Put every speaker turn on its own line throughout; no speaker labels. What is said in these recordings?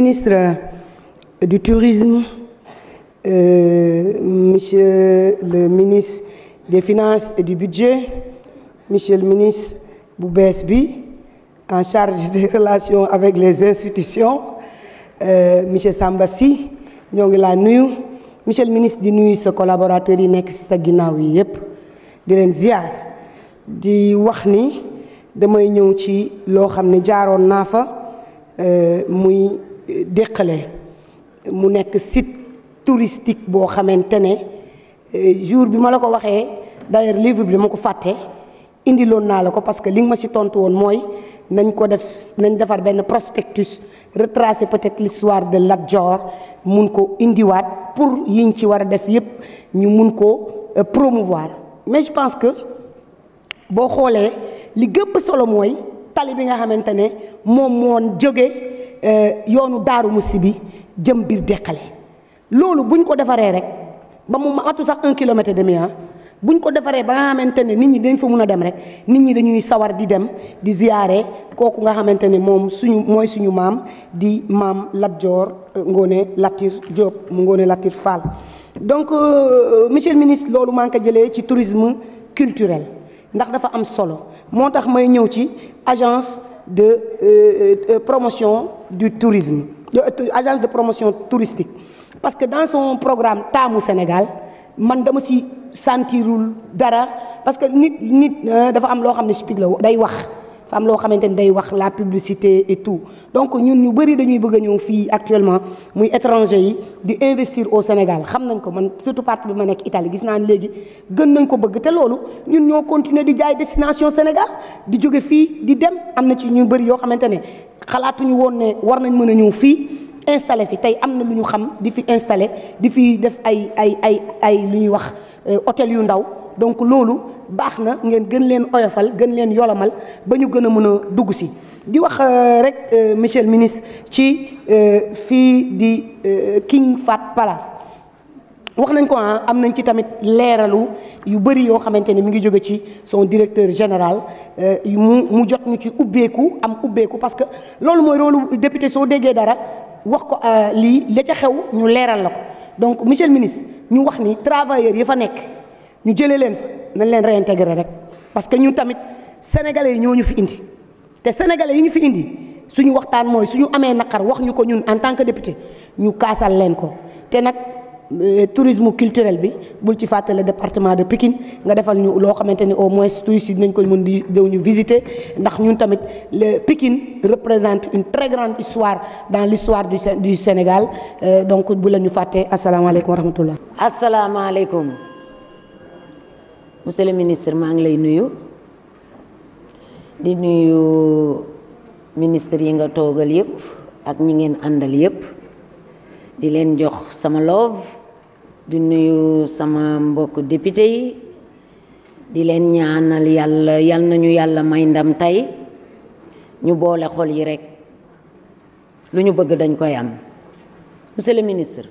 ministre euh, du Tourisme, euh, Monsieur le ministre des Finances et du Budget, Monsieur le ministre Boubesbi, en charge des relations avec les institutions, euh, Monsieur Sambassi, Monsieur le ministre de nuyu de collaborateur, yi déqale mu nekk site touristique boo xamante ne euh, jour bi ma la ko waxee d'ailleurs livre bi dama ko fàtte indi loon naa la ko parce que li nga ma ci tontu woon mooy nañ ko def nañ defar benn prospectus retracer peut-être l'histoire de Lat Dior mun ko indiwaat pour yi yiñ ci war a def yépp ñu mun ko euh, promouvoir mais je pense que boo xoolee li gëpp solo mooy tali bi nga xamante ne moom moon jóge Euh, yoonu daaru musibi jëm bir loolu buñ ba un kilomètre demi ah buñ ko ba nga ne nit ñi a dem di dem di ziyaare kooku nga xamante ne moom suñu mooy suñu di euh, Latir Diop Latir donc euh, monsieur le ministre loolu maa ngi ci tourisme culturel am solo moo may ñëw ci agence de euh, euh, promotion du tourisme, de, euh, agence de promotion touristique. Parce que dans son programme TAMU Sénégal, man dama si sentirul dara parce que nous nit dafa am gens qui ne la day fa am loo xamante day wax la publicité et tout donc ñun ñu bari dañuy bëgg ñu fi actuellement muy étranger yi di investir au Sénégal xam nañ ko man surtout partie bi ma nekk Italie gis naa légui gën nañ ko bëgg té lolu ñun ñoo continuer di jaay destination Sénégal di joggé fi di dem amna ci ñu bari yo xamantene xalaatu ñu won né war nañ mëna a fi fii installé fi tay amna lu ñu xam di fi installé di fi def ay ay ay ay lu ñuy wax euh, hôtel yu ndaw donc loolu baxna na ngeen gën leen oyofal gën leen yolamal bañu gëna mëna dugg ci di wax euh, rek euh, monsieur le ministre ci euh, fi di King Fat Palace wax nañ ko ah am nañ ci tamit léralu yu bari yo xamanteni mi ngi joge ci son directeur général mu mu jot ñu ci ubbeeku am ubbeeku parce que loolu moy rôle député so déggé dara wax ko li la ca xew ñu léral la ko donc monsieur le ministre ñu wax ni travailleurs yi fa ñu jëlé leen fa nañ leen réintégrer rek parce que ñun tamit sénégalais yi ñoo ñu fi indi té sénégalais yi ñu fi indi suñu waxtaan moy suñu amé nakar wax ñu ko ñun en tant que député ñu kassal leen ko té nak euh, tourisme culturel bi bul ci le département de Pékin nga défal ñu lo xamanténi au moins touristes yi dinañ ko mën di déw ñu visiter ndax ñun tamit le Pikine représente une très grande histoire dans l'histoire du Sénégal euh, donc bu la ñu assalamu alaykum wa rahmatullah
asalaamaaleykum
monsieur le ministre ma ngi lay nuyu
di nuyu ministre yi nga togal yépp ak ñi ngeen andal yépp di leen jox sama love di nuyu sama mbokk député yi di leen ñaanal yalla yal nañu yalla may ndam tay ñu boole xol yi rek lu ñu bëgg dañ koy am monsieur le ministre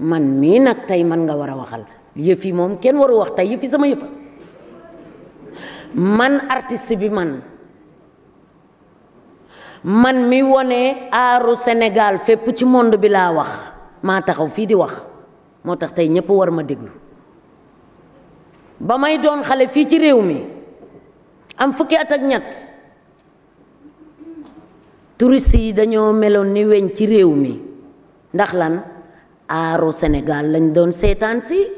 man minak nak tay man nga wara waxal yëf yi moom kenn waru wax tey yëf sama yëfa man artiste bi man man mi wone aaru senegaal fépp ci monde bi laa wax maa taxaw fii di wax moo tax tey ñépp war ma déglu ba may doon xale fii ci réew mi am fukki at ak ñett turist yi dañoo meloon ni weñ ci réew mi ndax lan aaru Sénégal lañ doon seetaan si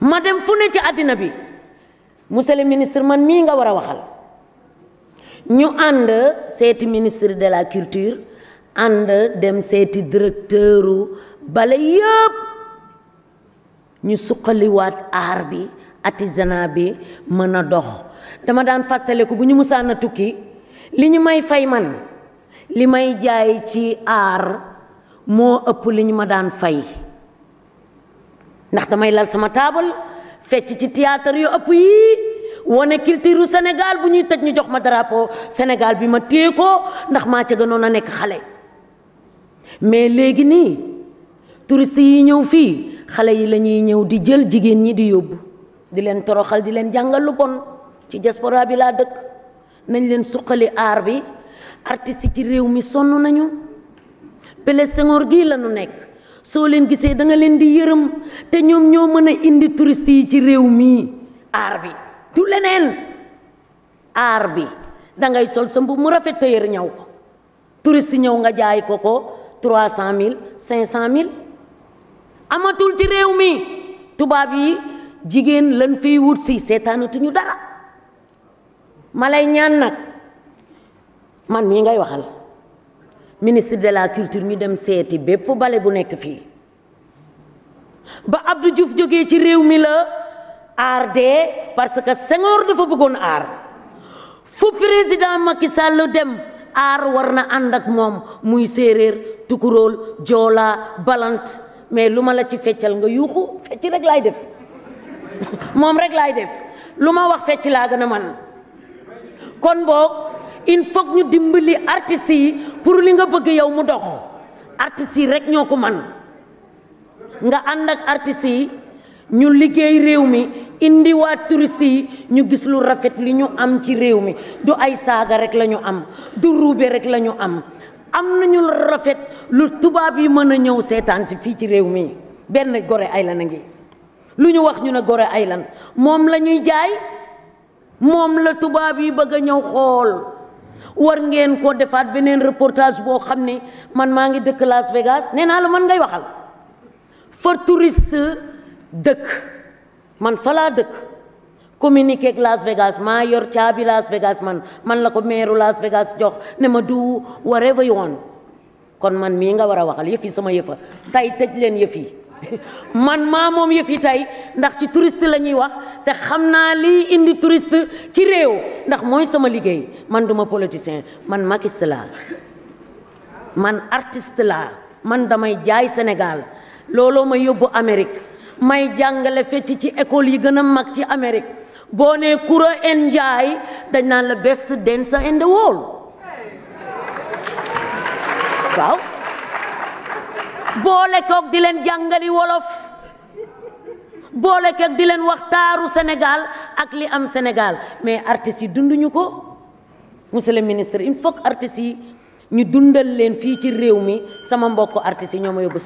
ma dem fu ne ci àddina bi monsieur le ministre man mii nga war a waxal ñu ànd seeti ministre de la culture ànd dem seeti directeuru bale yëpp ñu suqaliwaat aar bi artisanat bi mën a dox dama daan fàttale ko bu ñu musaan a tukki li ñu may fay man li may jaay ci aar moo ëpp li ñu ma daan fay ndax damay lal sama taabal fecc ci théâtre yu ëpp yii wane culture Sénégal bu ñuy taj ñu jox ma drapeau Sénégal bi ma téye ko ndax maa ca gënoon a nekk xale mais léegi nii touristes yi ñëw fii xale yi lañuy ñëw di jël jigéen ñi di yóbbu di leen toroxal di leen jàngal lu bon ci diaspora bi laa dëkk nañ leen suqali aar bi artistes ci réew mi sonn nañu Pélé Senghor gii la ñu nekk soo leen gisee da leen di yërëm te ñoom ñoo mën a indi touriste yi ci réew mii aar bi du leneen aar bi dangay sol sa mbubb mu rafet tëyër ñaw ko touriste ñëw nga jaay ko ko trois cent mille cinq cent mille amatul ci réew mi tubaab yi jigéen lan fiy wut si seetaanatuñu dara ma lay ñaan nag man mii ngay waxal ministre de la culture ñu dem seeti bépp bale bu nekk fii ba abdu Diouf jógee ci réew mi la aar dee parce que Senghor dafa bëggoon aar fu président Macky Sall dem aar war na ànd ak moom muy séeréer tukurool joolaa balant mais lu ma la ci feccal nga yuuxu fecc rek laay def moom rek laay def lu ma wax fecc laa gën a man kon boog il faut ñu dimbali artistes yi pour li nga bëgg yow mu dox artistes yi rek ñoo ko man nga ànd ak artistes yi ñu liggéey réew mi indiwaat turist yi ñu gis lu rafet li ñu am ci réew mi du ay saaga rek la am du ruube rek lañu ñu am am nañu rafet lu tubaab yi mën a ñëw seetaan si fii ci réew mi benn gore Island a ngi lu ñu wax ñu ne gore Island moom la ñuy jaay moom la tubaab yi bëgg a ñëw xool war ngeen ko defaat beneen reportage boo xam ne man maa ngi dëkk Las Vegas nee naa la man ngay waxal fa touriste dëkk man falaa dëkk communiqué ak Las Vegas maa yor caabi Las Vegas man man la ko meeru Las Vegas jox ne ma du whatever you want kon man mii nga war a waxal yëf sama yëfa tey tëj leen yëf yi man maa moom yëf yi tey ndax ci touriste la ñuy wax te xam naa liy indi touriste ci réew ndax mooy sama liggéey man duma politicien man makiste laa man artiste laa man damay jaay Sénégal looloo ma yóbbu Amérique may jàngale fecc ci école yi gëna mag ci Amérique boo nee kura en Njaay dañ naan la best dancer in the world waaw boole koog di leen jàngali wolof boole koog di leen waxtaaru Sénégal ak li am Sénégal mais artistes yi dunduñu ko monsieur le ministre il faut que artistes yi ñu dundal leen fii ci réew mi sama mbokku artistes yi ñoo ma yóbbu